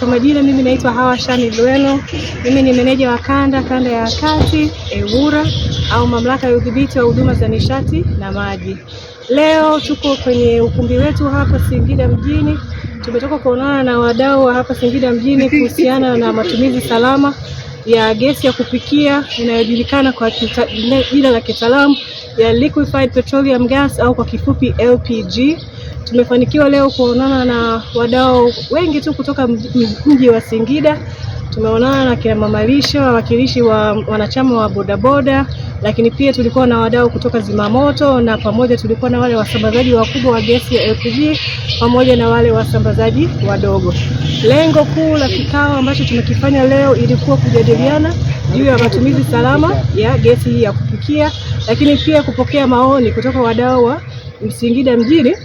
Kwa majina mimi naitwa Hawa Shani Lwelo. Mimi ni meneja wa kanda kanda ya kati EWURA au mamlaka ya udhibiti wa huduma za nishati na maji. Leo tuko kwenye ukumbi wetu hapa Singida mjini. Tumetoka kuonana na wadau wa hapa Singida mjini kuhusiana na matumizi salama ya gesi ya kupikia inayojulikana kwa jina la kitaalamu ya liquefied petroleum gas au kwa kifupi LPG. Tumefanikiwa leo kuonana na wadau wengi tu kutoka mji wa Singida. Tumeonana na kina mama lishe, wawakilishi wa wanachama wa bodaboda, lakini pia tulikuwa na wadau kutoka zimamoto, na pamoja tulikuwa na wale wasambazaji wakubwa wa gesi ya LPG pamoja na wale wasambazaji wadogo. Lengo kuu la kikao ambacho tumekifanya leo ilikuwa kujadiliana juu ya matumizi salama ya gesi hii ya kupikia, lakini pia kupokea maoni kutoka wadau wa Singida mjini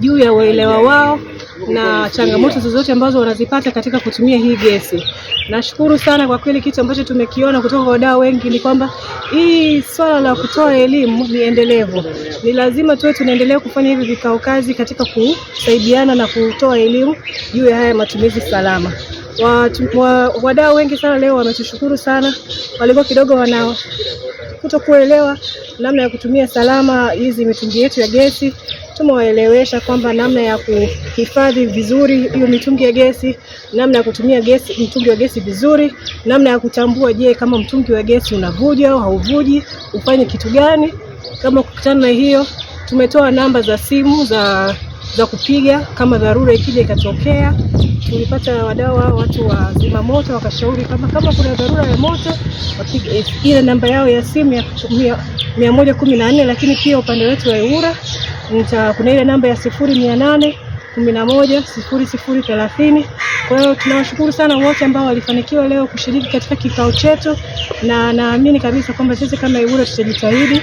juu ya uelewa wao na changamoto zozote ambazo wanazipata katika kutumia hii gesi. Nashukuru sana kwa kweli, kitu ambacho tumekiona kutoka kwa wadau wengi ni kwamba hii swala la kutoa elimu ni endelevu, ni lazima tuwe tunaendelea kufanya hivi vikao kazi katika kusaidiana na kutoa elimu juu ya haya matumizi salama. Wadau wengi sana leo wametushukuru sana, walikuwa kidogo wana kutokuelewa namna ya kutumia salama hizi mitungi yetu ya gesi tumewaelewesha kwamba namna ya kuhifadhi vizuri hiyo mitungi ya gesi, namna ya kutumia gesi, mtungi wa gesi vizuri, namna ya kutambua, je, kama mtungi wa gesi unavuja au hauvuji, ufanye kitu gani kama kukutana na hiyo. Tumetoa namba za simu za za kupiga kama dharura ikija ikatokea. Tulipata wadau watu wa zimamoto wakashauri kama kama kuna dharura ya moto wapige eh, ile namba yao ya simu ya mia moja kumi na nne, lakini pia upande wetu wa EWURA nita, kuna ile namba ya sifuri mia nane kumi na moja sifuri sifuri thelathini. Kwa hiyo tunawashukuru sana wote ambao walifanikiwa leo kushiriki katika kikao chetu, na naamini kabisa kwamba sisi kama Ibura tutajitahidi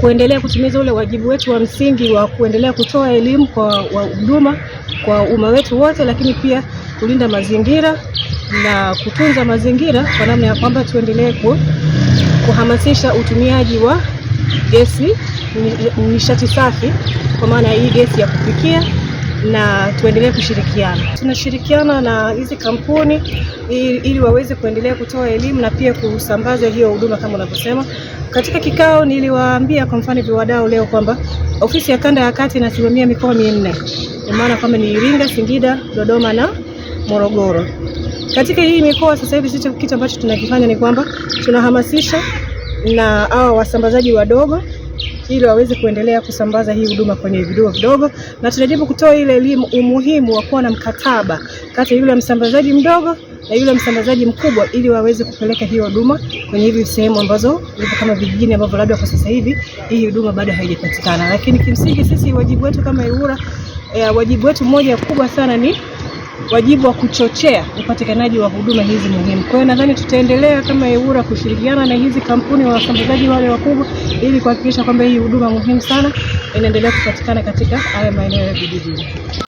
kuendelea kutimiza ule wajibu wetu wa msingi wa kuendelea kutoa elimu kwa huduma kwa umma wetu wote, lakini pia kulinda mazingira na kutunza mazingira kwa namna ya kwamba tuendelee kuhamasisha utumiaji wa gesi nishati safi, kwa maana hii gesi ya kupikia na tuendelee kushirikiana. Tunashirikiana na hizi kampuni ili, ili waweze kuendelea kutoa elimu na pia kusambaza hiyo huduma kama unavyosema. Katika kikao niliwaambia kwa mfano viwadau leo kwamba ofisi ya kanda ya kati inasimamia mikoa minne, kwa maana kwamba ni Iringa, Singida, Dodoma na Morogoro. Katika hii mikoa sasa hivi sisi kitu ambacho tunakifanya ni kwamba tunahamasisha na hawa wasambazaji wadogo ili waweze kuendelea kusambaza hii huduma kwenye vidogo vidogo, na tunajaribu kutoa ile elimu umuhimu wa kuwa na mkataba kati ya yule msambazaji mdogo na yule msambazaji mkubwa ili waweze kupeleka hii huduma kwenye hivi sehemu ambazo zipo kama vijijini ambavyo labda kwa sasa hivi hii huduma bado haijapatikana. Lakini kimsingi sisi wajibu wetu kama Ewura, eh, wajibu wetu mmoja kubwa sana ni wajibu wa kuchochea upatikanaji wa huduma hizi muhimu. Kwa hiyo nadhani tutaendelea kama EWURA kushirikiana na hizi kampuni wa wasambazaji wale wakubwa, ili kuhakikisha kwamba hii huduma muhimu sana inaendelea kupatikana katika haya maeneo ya vijijini.